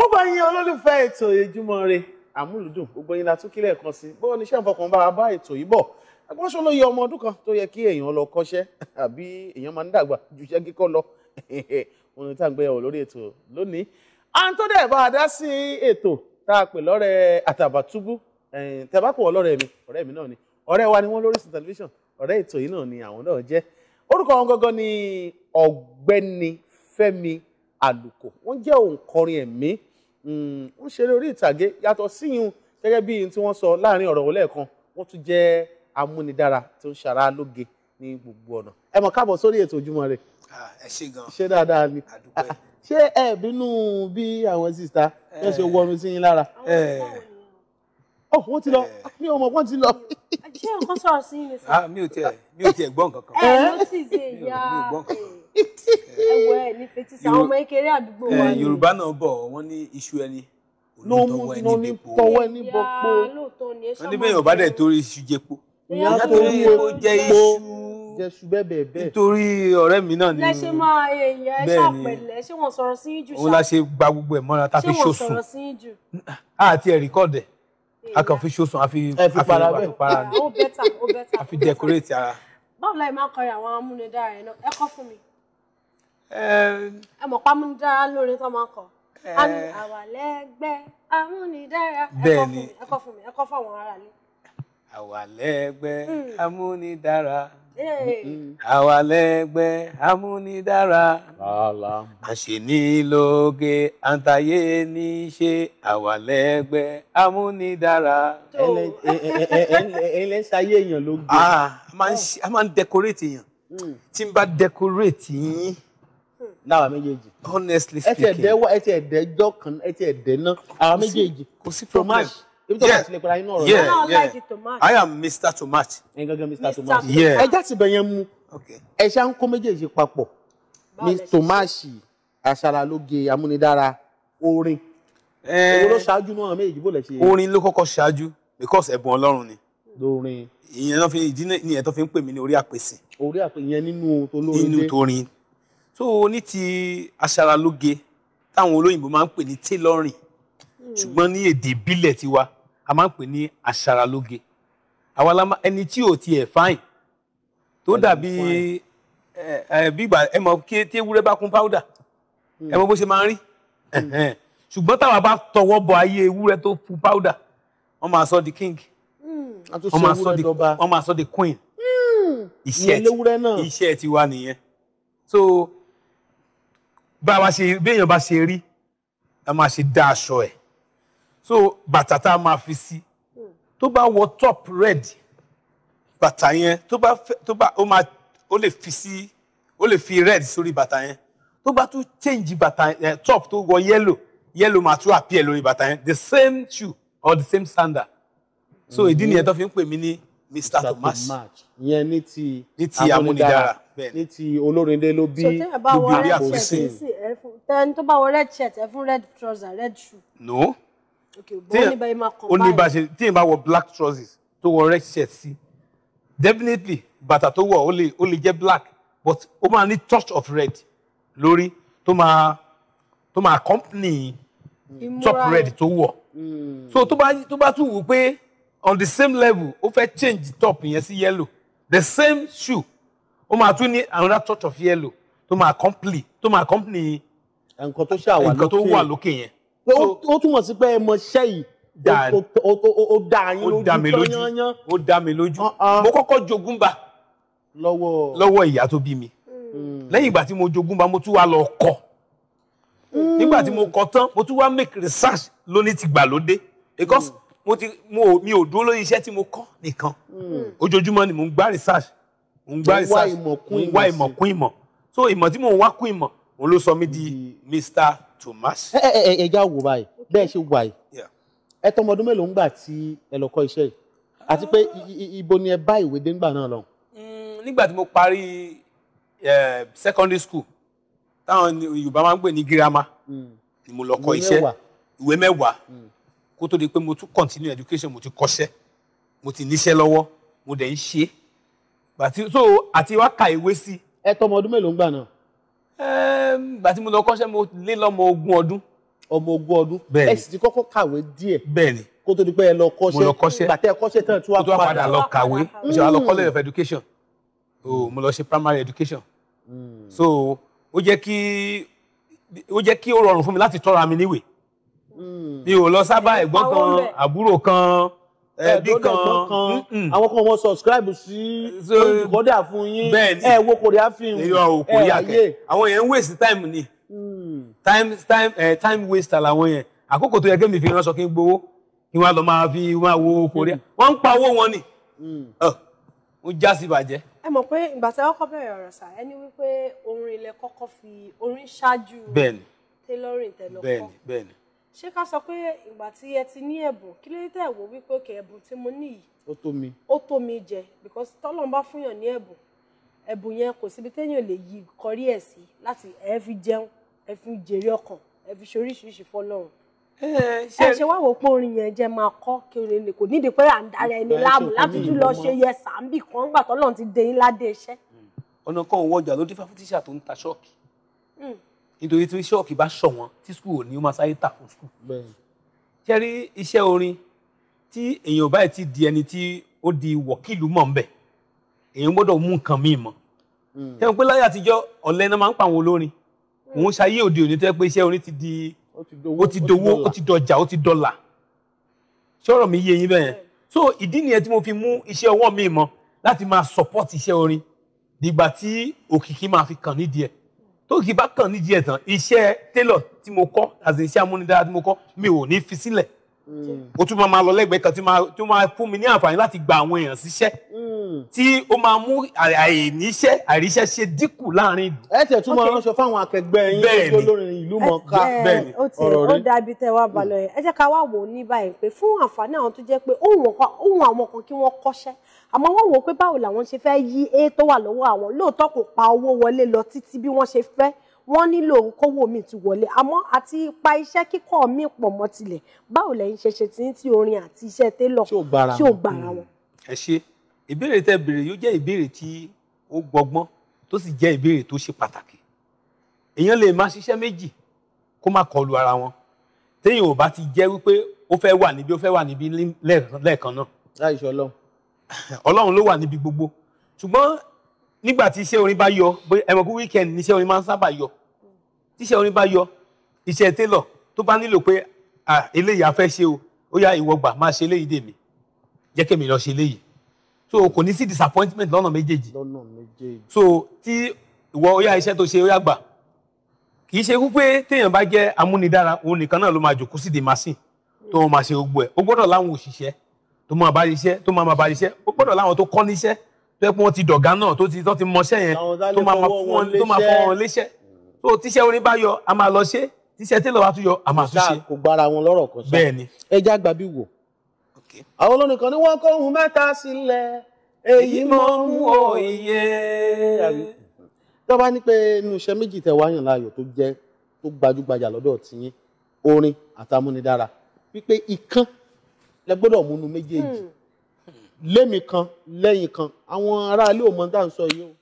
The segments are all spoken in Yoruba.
mo bá yín olólùfẹ́ ètò ìjùmọ̀ re àmúlùdùn gbogbo yín la tún kílẹ̀ kan bo bó oníṣẹ́ ìfọkànbá wa bá ètò yìí bọ̀ ẹgbọ́n ṣe ló yẹ ọmọ ọdún kan tó yẹ kí èèyàn lọ kọ́ṣẹ́ àbí èèyàn máa ń dàgbà ju iṣẹ́ kíkọ́ lọ òun ni tá à ń gbéyàwó lórí ètò lónìí à ń tó dẹ̀ bá a dá sí ètò tá a pè lọ́rẹ̀ Àtàbàtúbú mi ọ̀rẹ́ mi náà ni ọ̀rẹ́ wa ni wọ́n lóríṣìí tẹlifíṣàn ọ̀rẹ́ ètò yìí náà ni àwọn náà jẹ́ orúkọ wọn gangan ni ọ̀gbẹ́ni Fẹ́mi Àlùkò wọ́n jẹ́ òǹkọrin ẹ̀mí Hmm, ń ṣeré orí ìtàgé yàtọ̀ síyún gẹ́gẹ́ bí tí wọ́n sọ láàrin ọ̀rọ̀ wọlé ẹ̀kan wọ́n tún jẹ́ amúnidára tó ń ṣara lóge ní gbogbo ọ̀nà ẹ mọ̀ káàbọ̀ sórí ètò ojúmọ́ rẹ̀. ẹ dáadáa ni ṣé ẹ bínú bí àwọn sista ẹ ṣe wọnú sí yín lára. ọ wọ́n ti lọ eh. mi ò mọ̀ wọ́n ti lọ. ṣé nǹkan sọ̀rọ̀ sí yín lè sọ. Ah, mi ò tiẹ̀ mi ò tiẹ̀ gbọ́ nǹkan kan. ẹ eh, ló ti ṣe ìyá ẹ ní fetí sí àwọn ọmọ kékeré àdúgbò wa eh, ni. yorùbá náà bọ̀ wọ́n ní iṣu ẹni ló mú iná ní ẹni bọ̀ po wọ́n ní bẹ́ẹ̀ yorùbá torí iṣu jẹ po ìyá torí epo jẹ iṣu jẹsù bẹ́ẹ̀ bẹ́ẹ̀. nítorí ọ̀rẹ́ mi náà ni bẹ́ẹ̀ ni òun la ṣe gba gbogbo ẹ̀ mọ́ra tá fi ṣoṣùn. ṣé wọ́n sọ̀rọ̀ sí a kàn fi ṣoṣùn a fi para bẹ́ẹ̀ a fi decorate ara. báwo la ẹ máa kọrin àwọn amúnidára ẹ náà ẹ kọ́ fún mi ẹ mọ̀ pàmùdára lórin tó máa ń kọ àwàlẹ́gbẹ́ amúnidára ẹ fún mi ẹ fún àwọn ará ilé. Hmm. àwàlẹ́gbẹ́ amúnidára àwàlẹ́gbẹ́ amúnidára àṣenilóge àǹtayé ní í ṣe àwàlẹ́gbẹ́ amúnidára. ẹlẹ́sàáyé èèyàn ló gbé. Ah, a máa ń decorate èèyàn hmm. tí n bá decorate yín láwa méjèèjì. honestly speaking ẹ ti ẹ̀dẹ́ wá ẹ ti ẹ̀dẹ́ jọ́ kan ẹ ti ẹ̀dẹ́ ná àwa méjèèjì. kò sí problem ibi tó bá ti lè pẹ̀lú ayé náà rọ̀ I am Mr. Tomat. ẹ gangan Mr. Tomat. ẹ já ti bẹ̀yẹn mu ẹ ṣá ń kó méjèèjì papọ̀ ní Tomasi aṣaralóge amúnidára orin eh, èwo ló ṣáájú náà méjèèjì bó lè ṣe. orin ló kọ́kọ́ ṣáájú because ẹ̀bùn Ọlọ́run ni lórin. ìyẹn tó fi ń pè mí ní orí àpèsè. orí àpèsè ìyẹn nínú tó lórin dé. inú torin so ní ti aṣaralóge táwọn olóyìnbó máa ń pè ní tailoring hmm. ṣùgbọ́n ní èdè ìbílẹ̀ tiwa a máa ń pè ní aṣaralóge àwa la ẹni tí ò tiẹ̀ fine tó dàbí bígbà ẹ mọ̀ kí tí ewúrẹ́ bá kún powder hmm. ẹ mọ̀ bó ṣe máa ń rí hmm. ṣùgbọ́n táwa bá tọwọ́ bọ ayé ewúrẹ́ tó kún powder wọ́n máa sọ di king wọ́n máa sọ di wọ́n máa sọ di queen iṣẹ́ tiwa nìyẹn so bá wa ṣe bí èèyàn bá ṣe rí a máa ṣe dá aṣọ ẹ̀ so bàtà tá a máa fi sí tó bá wọ top red bàtà yẹn tó bá tó bá ó máa ó lè fi sí ó lè fi red sórí bàtà yẹn tó bá tún change bàtà yẹn eh, top tó wọ yellow yellow máa tún appear lórí bàtà yẹn the same shoe or the same sandal so mm-hmm. ìdí nìyẹn tó fi ń pè mí ní Mr. Tomas ìyẹn ní ti amúnidára ní ti olórindé ló bí dùbìlì àfòsìn. tẹ́ni tó bá wọ red shirt ẹ fún red trouser red shoe. no ó ní bá ṣe tí èèyàn bá wọ black trousers tó wọ red shirt sí definitely bàtà tó wọ ó lè ó black but ó máa ní touch of red lórí tó máa tó máa company. top red tó wọ hmm. so tó bá tó bá tún wù pé on the same level ó fẹ́ change top yẹn sí yellow the same shoe ó máa tún ní another touch of yellow tó máa company tó máa company nǹkan tó ṣe àwọn nǹkan tó wà lókè yẹn. ó túmọ̀ sí pé ẹ mọ iṣẹ́ yìí ó dá yín lójú yányán. ó dá uh-uh. mo kọ́kọ́ jogún bá lọ́wọ́ ìyá tó bí mi hmm. lẹ́yìn ìgbà tí mo jogún bá mo tún wá lọ kọ́ hmm. nígbà tí mo kọ́ tán mo tún wá make research lóní ti gbàlódé because hmm. mo ti mo mi ò dúró lórí iṣẹ́ tí mo kọ́ nìkan ojoojúmọ́ ni mo ń gbá research ń wá ìmọ̀ kún ìmọ̀ sí so ìmọ̀ tí mò ń wá kún ìmọ̀ òun ló sọ mí di Mr. Thomas. ẹ ẹ ẹ ẹja wò báyìí bẹ́ẹ̀ ṣe wà yìí ẹ tọmọ ọdún mélòó ń gbà tí ẹ lọ kọ́ iṣẹ́ yìí àti pé ibo ni ẹ bá ìwé dé ńgbà náà lọ. Mm, nígbà tí mo parí secondary school táwọn Yorùbá máa ń pè ní girama mm. ni mo lọ kọ́ iṣẹ́ ìwé mẹ́wàá mm. kó tó di pé mo tún continue education mo ti kọ́ṣẹ́ mo ti níṣẹ́ lọ́wọ́ mo dẹ̀ ń ṣe é àti so àti wá ka ìwé sí. ẹ tọmọ ọdún mélòó ń gbà náà. gbà tí mo lọ kọ́ṣẹ́ mo lé lọ́mọ ogún ọdún. ọmọ ogún ọdún ẹ sì ti kọ́kọ́ kàwé díẹ̀. bẹ́ẹ̀ni kó tó di pé ẹ lọ kọ́ṣẹ́ mo lọ kọ́ṣẹ́ gbà kọ́ṣẹ́ tán tí wàá padà. tó wàá padà lọ kàwé mo ṣe wàá lọ college of education o mo lọ ṣe primary education. Hmm. so ó jẹ́ kí ó jẹ́ kí ó rọrùn fún mi láti tọ́ra mi níwèé. Hmm. mi ò lọ sábà ẹ̀gbọ́n kan àbúrò kan ẹbí kan mm, mm. àwọn kan wọn subscribe sí olùkọ́dà fún yín ẹ wo korea film ẹ ayé àwọn yẹn ń waste time ni hmm. time time eh, time waster làwọn yẹn àkókò tó yẹ kémi fi ránṣọ kí n gbowó kí wọn lọ máa fi máa wo korea hmm. wọn ń pa owó wọn ni hmm. ó já sí ìbàjẹ́. ẹ mọ̀ pé ìgbà tí wọ́n kọ́ bẹ̀rẹ̀ ọ̀rọ̀ sà ẹni wípé orin ilẹ̀ kọ́kọ́ fi orin ṣáájú tailoring tẹ̀lọ́kọ́ bẹ́ẹ̀ni ṣé ká sọ pé ìgbà tí ẹ ti ní ẹ̀bùn kí ló tẹ̀ wò wípé òkè ẹ̀bùn tí mo ní yìí. ó tó mi. ó tó mi jẹ because tọ́lọ́n bá fúnyàn ní ẹ̀bùn ẹ̀bùn yẹn kò síbi téèyàn lè yí kọrí ẹ̀ sí láti ẹ fi jẹun ẹ fi jèrè ọkàn ẹ fi ṣoríṣiríṣi fọlọ́run. ẹ ṣe wá wò pé orin yẹn jẹ máa kọ kí orin lè kò nídìí pé à ń dára ẹni láàmú láti tún lọ ṣe yẹ sàǹbì kan gbà tọ́lọ́run ti dé ńlá iṣẹ́. ọ̀nà kan òun ọjà ló dé fáfútíṣà tó ń ta ṣọ́ọ̀kì hmm nítorí tí ṣọ́ọ̀kì bá ṣọ̀ wọ́n tí skul ò ní ó máa sáyé tà fún skul. ṣe rí iṣẹ́ orin tí èèyàn báyìí ti di ẹni tí ó di wọ̀kìlù mọ̀ ń bẹ̀ èèyàn gbọ́dọ̀ mú nǹkan míì mọ̀. Hmm. ṣẹ́yìn pé láyé àtijọ́ ọ̀lẹ náà máa ń pa àwọn olórin òun ṣayé òde òní tó yẹ pé iṣẹ́ orin ti di ó ti dowó ó ti dọjà ó ti dọlà ṣọ́rọ̀ mi yé yín bẹ́yẹn so ìdí nìyẹn tí mo fi mú iṣẹ́ ọwọ́ mi mọ́ láti máa support iṣẹ́ orin dìgbà tí òkìkí máa fi kàn nídìí ẹ̀ tó kì í bá kàn nídìí ẹ̀ tán iṣẹ́ tailor tí mo kọ́ àti iṣẹ́ amúnidára tí mo kọ́ mi ò ní fi sílẹ̀ o mm. tún máa lọ lẹ́gbẹ̀ẹ́ kan tí máa fún mi ní àǹfààní láti gba àwọn èèyàn síṣẹ́ mm. tí ó máa mú àìníṣẹ́ àìríṣẹ́ ṣe dínkù láàrin ìlú. ẹ tẹ̀ tún máa ránṣọ fáwọn akẹgbẹ́ yín olórin ìlú mọ̀ọ́ká bẹ́ẹ̀ ni ọ̀rọ̀ rí. ó dàbí tẹ wá balọ̀ yẹn ẹ jẹ́ ká wá wò ó ní báyìí pé fún àǹfààní àwọn tó jẹ́ pé ohun àwọn kan kí wọ́n kọ́ṣẹ́ àmọ́ wọ́n wò ó pé báwo làwọn ṣe fẹ́ yí é tó wà lọ́wọ́ àwọn lóòótọ́ kò pa owó wọlé lọ títí bí wọ́n ṣe fẹ́ wọ́n nílò kówó mi ti wọlé àmọ́ àti ipa iṣẹ́ kíkọ́ mi pọ̀ mọ́ tilẹ̀ báwo lẹ́yìn ṣe ṣe ti ń ti orin àti iṣẹ́ télọ̀ tí ò gbàrà wọn. ẹ ṣe ìbéèrè tẹ́ béèrè yóò jẹ́ ìbéèrè tí ó gbọ́gbọ́n tó sì jẹ́ ìbéèrè tó ṣe pàtàkì èèyàn lè máa ṣiṣẹ́ méjì kó má kọlu ara wọn téèyàn ò bá ti jẹ́ wípé ó fẹ́ wà níbi ó fẹ́ wà níbi lẹ́ẹ̀kan náà. láìsọ Ọlọ́run. Ọlọ́run ló wà níbi gbogbo ṣùgbọ́n nígbà tí iṣẹ́ orin bá yọ ẹmọkú wíkẹndì ni iṣẹ́ orin máa ń sábà yọ tíṣẹ́ orin bá yọ iṣẹ́ télọ̀ tó bá nílò pé eléyìí a fẹ́ ṣe o ó yá ìwọ gbà máa ṣe eléyìí dèmi jẹ́ kémi lọ ṣe eléyìí so kò ní sí disappointment lọ́nà méjèèjì lọ́nà méjèèjì so tí ìwọ ó yá iṣẹ́ tó ṣe ó yá gbà kì í ṣe wípé téèyàn bá jẹ́ amúnidára òun nìkan náà ló máa jòkó sí di machine tó wọn máa ṣe gbogbo ẹ̀ ó gbọ́dọ̀ láwọn òṣìṣẹ́ tó máa bá iṣẹ́ tó máa bá iṣẹ́ ó gbọ́dọ̀ láwọn tó kọ́ níṣẹ́ tó yẹ pé wọ́n ti dọ̀gá náà tó ti mọṣẹ́ yẹn tó máa fún wọn léṣẹ́ so tíṣẹ́ orin bá yọ a máa lọ ṣe tíṣẹ́ télọ̀ wá tún yọ a máa tún ṣe. kò gbára wọn lọ́rọ̀ kan sọ bẹ́ẹ̀ ni. ẹja gbà bí wò. àwọn olórin kan ní wọ́n kó ohun mẹ́ta sílẹ̀ èyí mọ́ mú òye. tó bá ní pé inú iṣẹ́ méjì tẹ wáyàn láàyò tó jẹ́ tó gbajúgbajà lọ́dọ̀ tiyín orin àtàmúnidára wípé ìkan lẹ gbọ́dọ̀ múnú méjèèjì hmm. lémi kan lẹ́yìn kan àwọn aráalé ò mọ dáhùn sọ yìí o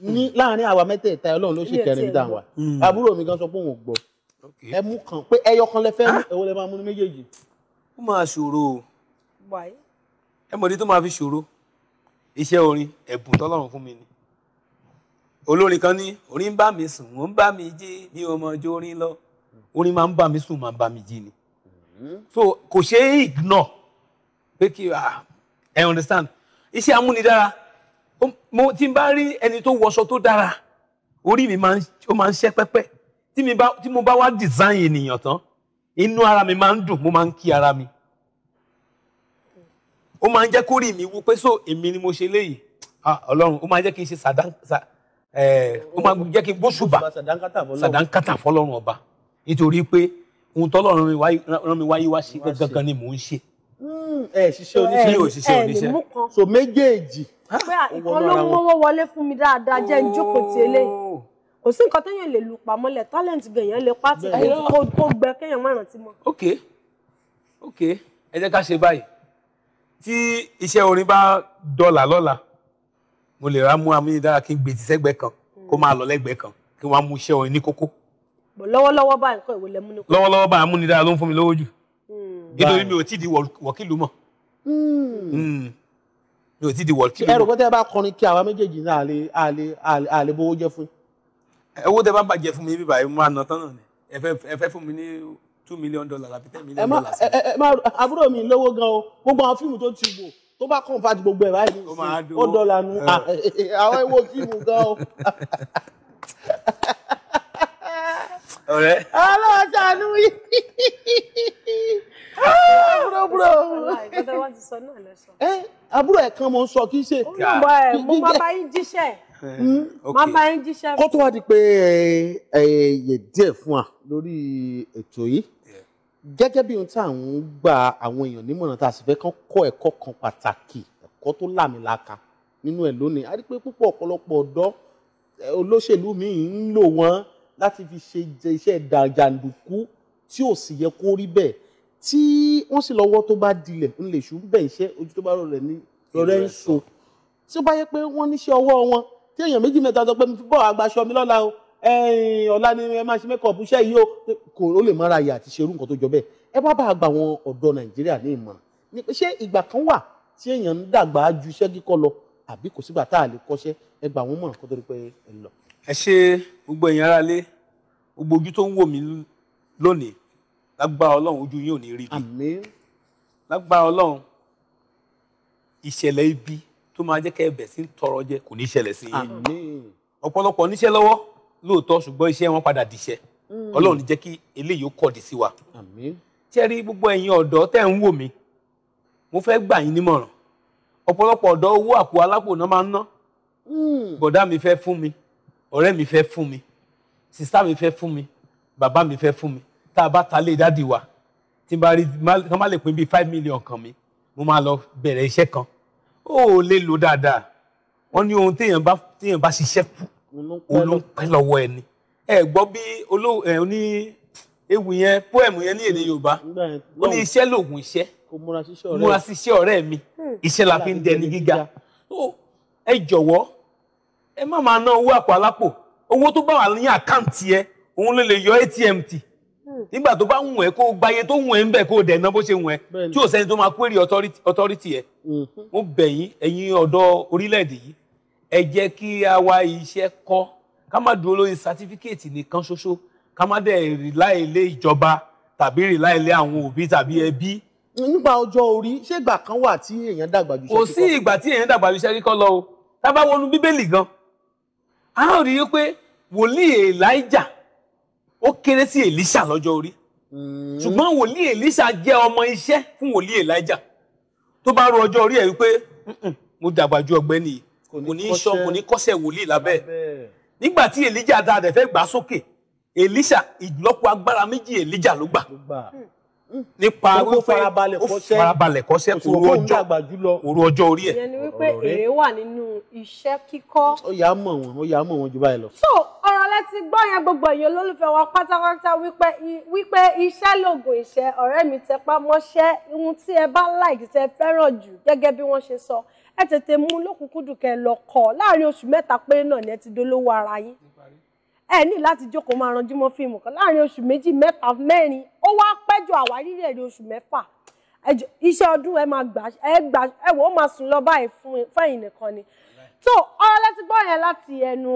ní láàrin àwa mẹ́tẹ̀ẹ̀ta ọlọ́run ló ṣe kẹrin níta wa hmm. àbúrò mi gan sọ pé òun ò gbọ́ ẹ mú kan pé ẹyọ kan lẹ fẹ́ mú ah! èwo lẹ máa mú ní méjèèjì. ó máa ṣòro o ẹ mọ̀ ní tó máa fi ṣòro iṣẹ́ orin ẹ̀bùn tọ́lọ́run fún mi ni olórin kan ní orin ń bá mi sùn ó ń bá mi jí mi ò mọ ọjọ́ orin lọ orin máa ń bá mi sùn máa ń bá mi jí ni hmm. so kò ṣeé ignore pé kí ah, ẹ understand iṣẹ́ amúnidára mo tí n bá rí ẹni tó wọṣọ tó dára orí mi máa ń ṣẹ́ pẹ́pẹ́ tí mo bá wá design ènìyàn tán inú ara mi máa ń dùn mo máa ń kí ara mi ó máa ń jẹ́ kórì mi wú pé so èmi ni mo ṣe léyìí ah ọlọ́run ó máa jẹ́ kí n ṣe sàdánkátà ó máa jẹ́ kí n bóṣùbà sàdánkátà fọlọ́run ọba nítorí pé ohun tọ́lọ́run rán mi wáyé wá ṣe gangan ni mò ń ṣe. Hmm, ẹ ṣiṣẹ́ oníṣẹ́ ẹ ò ṣiṣẹ́ oníṣẹ́ so méjèèjì pé ìkan ló mọ́wọ́ wọlé fún mi dáadáa jẹ́ ń jókòó ti eléyìí oh. kò sí nǹkan téèyàn lè lu pamọ́ lẹ̀ talent gèèyàn lè pàtì kó gbẹ kéèyàn má rántí mọ́. ok ok ẹ jẹ́ ká ṣe báyìí tí iṣẹ́ orin bá dọ́là lọ́la mo lè ra mú amúnidára kí n gbé ti sẹ́gbẹ́ kan kó máa lọ lẹ́gbẹ́ kan kí wọ́n á mú iṣẹ́ orin ní kókó. lọ́wọ́lọ́wọ́ báyìí nǹkan ìwé lẹ́mú ní kókó. lọ́wọ́lọ́wọ́ báyìí amúnidára ló ń fún mi lówó jù hmm. di wọ̀kìlú mọ̀. Hmm. Hmm mi ò ti di wọ̀lkí lónìí. ẹrù pẹ́tẹ́ bá kọrin kí àwa méjèèjì ní àlè àlè àlè bówó jẹ́ fún. owó tẹ bá bàjẹ́ fún mi bíbá yìí mo máa ná tán náà ni ẹ fẹ́ fún mi ní two million dollars àbí ten million dollars. ẹ ẹ àbúrò mi lówó gan o gbogbo àwọn fíìmù tó ti wò tó bá kàn fàájì gbogbo ẹ̀ báyìí ó dọ̀là nu àwọn ewo fíìmù gan o. ọ̀rẹ́. aláṣàánú yìí. Ah, bro bro. Eh, àbúrò ẹ̀ kan mo ń sọ kì í ṣe. olùbọ̀ ẹ̀ mo máa bá yín jíṣẹ́. Hmm? máa bá yín jíṣẹ́. kó tó wá di pé ẹ̀yẹ díẹ̀ fún wa lórí ètò yìí gẹ́gẹ́ bí ohun tí à ń gba àwọn èèyàn nímọ̀ràn tá a sì fẹ́ kán kọ́ ẹ̀kọ́ kan pàtàkì ẹ̀kọ́ tó láàmìlaka nínú ẹ̀ lónìí a rí pé púpọ̀ ọ̀pọ̀lọpọ̀ ọ̀dọ́ olóṣèlú mi ń lò wọ́n láti fi ṣe jẹ iṣẹ́ jàǹdùkú tí ò sì yẹ kó rí bẹ́ẹ̀ tí wọ́n sì lọ́wọ́ tó bá dilẹ̀ ń lè ṣù bẹ́ẹ̀ iṣẹ́ ojú tó bá rọ̀ rẹ̀ ní lọ́rẹ́ ń so tí ó bá yẹ pé wọ́n níṣẹ́ ọwọ́ wọn tí èèyàn méjì mẹ́ta sọ pé mi fi bọ́ àgbàṣọ mi lọ́la o ọ̀la ni ẹ máa ṣe mẹ́kọ̀ọ̀bù iṣẹ́ yìí o kò ó lè mọ́ra yà àti ṣerú nǹkan tó jọ bẹ́ẹ̀ ẹ bá bá àgbà àwọn ọ̀dọ́ Nàìjíríà ní ìmọ̀ràn ni pé ṣé ìgbà kan wà tí èèyàn ń dàgbà ju iṣẹ́ kíkọ́ lọ àbí kò sígbà tá a lè kọ́ṣẹ́ ẹ gbà wọ́n mọ̀ràn kó tó rí pé ẹ lọ ẹ ṣe gbogbo ẹ̀yin aráalé gbogbo ojú tó ń wò mí lónìí lágbára ọlọ́run ojú yín ò ní rí bí. àmín. lágbára ọlọ́run ìṣẹ̀lẹ̀ ibi tó máa jẹ́ kẹ́ ẹ bẹ̀ sí tọrọ jẹ kò ní ṣẹlẹ̀ sí yín. àmín. ọ̀pọ̀lọpọ̀ níṣẹ́ lọ́wọ́ lóòótọ́ ṣùgbọ́n iṣẹ́ wọn padà dìṣẹ́ mm. ọlọ́run ní jẹ́ kí eléyìí ó kọ̀dì sí wa. àmín. ṣẹ́rí gbogbo ẹ̀yin ọ̀dọ́ tẹ́ ń wò mí mo fẹ́ gbà yín nímọ̀ràn ọ̀pọ̀lọpọ̀ ọ̀dọ́ owó àpò alápò náà máa ń ná mm. bọ̀dá mi fẹ́ fún mi ọ̀rẹ́ mi fẹ́ fún mi sista mi fẹ́ fún mi bàbá mi fẹ́ fún mi tá a bá ta lé dádì wa tí n bá rí kán má lè pín bíi five million kan mi mo máa lọ bẹ̀rẹ̀ iṣẹ́ kan ó lè lò dáadáa wọ́n ní ohun téèyàn bá téèyàn bá ṣiṣẹ́ kù olóńpẹ́ lọ́wọ́ ẹni ẹ gbọ́ bí olóhùn ẹ ní ewu yẹn poem yẹn ní èdè yorùbá ó ní iṣẹ́ lòògùn iṣẹ́ múra síṣẹ́ ọ̀rẹ́ mi hmm. iṣẹ́ la fi ń dẹni gíga ẹ jọ̀wọ́ ẹ má máa ná owó àpò alápò owó tó bá wà ní àkáǹtì ẹ òun ló lè yọ atm tì hmm. nígbà tó bá ń wọ̀n kó gbayé tó wọ̀n ẹ́ ń bẹ̀ kó dẹ̀ ná bó ṣe wọ̀n ẹ́ tí ò sẹ́ni tó máa query authority ẹ̀ mhm. mo bẹ̀ yín ẹ̀yin ọ̀dọ́ orílẹ̀-èdè yìí ẹ jẹ́ kí a wá iṣẹ́ kọ́ ká má dúró lórí certificate nìkan ṣoṣo ká má dẹ̀ rely lé ìjọba tàbí rely lé àwọn òbí tàbí ẹbí. nípa ọjọ́ orí ṣé ìgbà kan wà tí èèyàn dàgbà ju iṣẹ́ kíkọ́ lọ? kò sí ìgbà tí èèyàn dàgbà ju iṣẹ́ lọ o tá wọnú bíbélì gan-an a ó rí i pé wòlíì Èlíjà ó kéré sí Èlíṣà lọ́jọ́ orí hmm. ṣùgbọ́n wòlíì Èlíṣà jẹ́ ọmọ iṣẹ́ fún wòlíì Èlíjà tó bá ro ọjọ́ orí ẹ̀ wípé mo dàgbà ju ọ̀gbẹ́ni yìí kò ní sọ kò ní kọ́sẹ̀ wòlíì lábẹ́ nígbà tí Èlíjà da rẹ̀ fẹ́ gbà sókè Èlíṣà ìlọ́po agbára méjì Èlíjà ló gbà hmm. nípa wípé ó farabalẹ̀ kọ́sẹ̀ kò ru ọjọ́ orí ẹ̀. ìyẹn ni wípé èrè wà nínú iṣẹ́ kíkọ́. ó yà á mọ̀ wọn ó yà á mọ̀ wọn jù báyìí lọ. so ọ̀rọ̀ láti gbọ́ yẹn gbogbo èyí olólùfẹ́ wa pátápátá wípé iṣẹ́ lògùn ìṣẹ́ ọ̀rẹ́ mi tẹpá mọ́ṣẹ́ ohun tí ẹ bá láìkí tẹ fẹ́ràn jù gẹ́gẹ́ bí wọ́n ṣe sọ ẹ tètè mú lókùnkúndùn kẹ lọ kọ láàrin oṣù mẹ́ta péré náà ni ẹ ti dolówó ara yín ẹ ní láti jókòó máa ranjú mọ́ fíìmù kan láàrin oṣù méjì mẹ́ta mẹ́rin ó wá pẹ́jọ àwárí rẹ̀ ní oṣù mẹ́fà iṣẹ́ ọdún ẹ máa gbà ẹ wò ó máa sùn lọ báyìí fún ẹ̀yin nìkan ni so ọ̀rọ̀ lẹ́tí gbọ́ yẹn láti ẹnu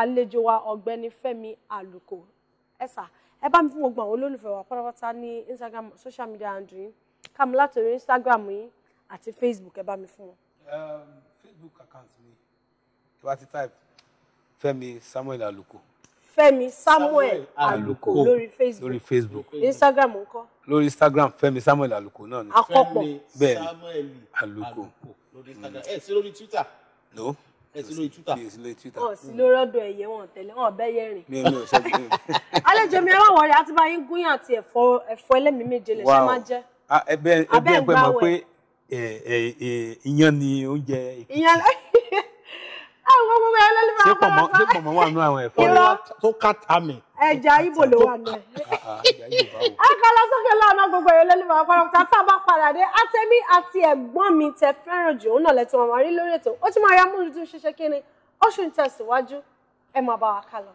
àlejò wa ọ̀gbẹ́ni Fẹ́mi Àlùkò ẹ̀sà ẹ bá mi fún gbogbo àwọn olólùfẹ́ wa pátápátá Instagram social media handle yín kàmú látòrí Instagram yín àti Facebook ẹ bá mi fún um, Facebook account mi tí wàá type femi Samuel aluko femi Samuel aluko lórí Facebook lórí Facebook Instagram ńkọ́. lórí Instagram femi Samuel aluko náà ni. àkọ́pọ̀ Fẹ́mi Samuel Àlùkò lórí Instagram ẹ sí Twitter no ẹsìn lórí twitter ẹsìn lórí twitter wọn sì lórí ọ̀dọ̀ ẹyẹ wọn tẹ́lẹ̀ wọn ọbẹ yẹ rìn. mi ò mi ò ṣe gbé. àlejò mi ẹ má wọrí àti báyìí gúnyàn àti ẹ̀fọ́ ẹ̀fọ́ ẹlẹ́mìí méje lè ṣe máa jẹ. ẹbẹ ẹbẹ ẹgbẹ mọ̀ pé ìyàn ni oúnjẹ Èkìtì àwọn ọmọ mi ẹlẹ́lẹ́mọ̀ àwọn ọmọ mi. ṣé pọ̀mọ́ wà nínú àwọn ẹ̀fọ́ rẹ̀ tó kàtà mi. ẹja ibo ló wà nù. akọlọ sókè lọ́nà gbogbo ẹ̀yọ́ lẹ́lẹ́mọ̀ àwọn ọmọ tá a bá padà dé àtẹ̀mí àti ẹ̀gbọ́n mi tẹ fẹ́ràn jù òun náà lẹ́tọ̀ wọn rí lórí ètò ó ti máa rí amúlùdún ṣiṣẹ́ kí ni ó ṣì tẹ̀síwájú ẹ máa bá wa kálọ.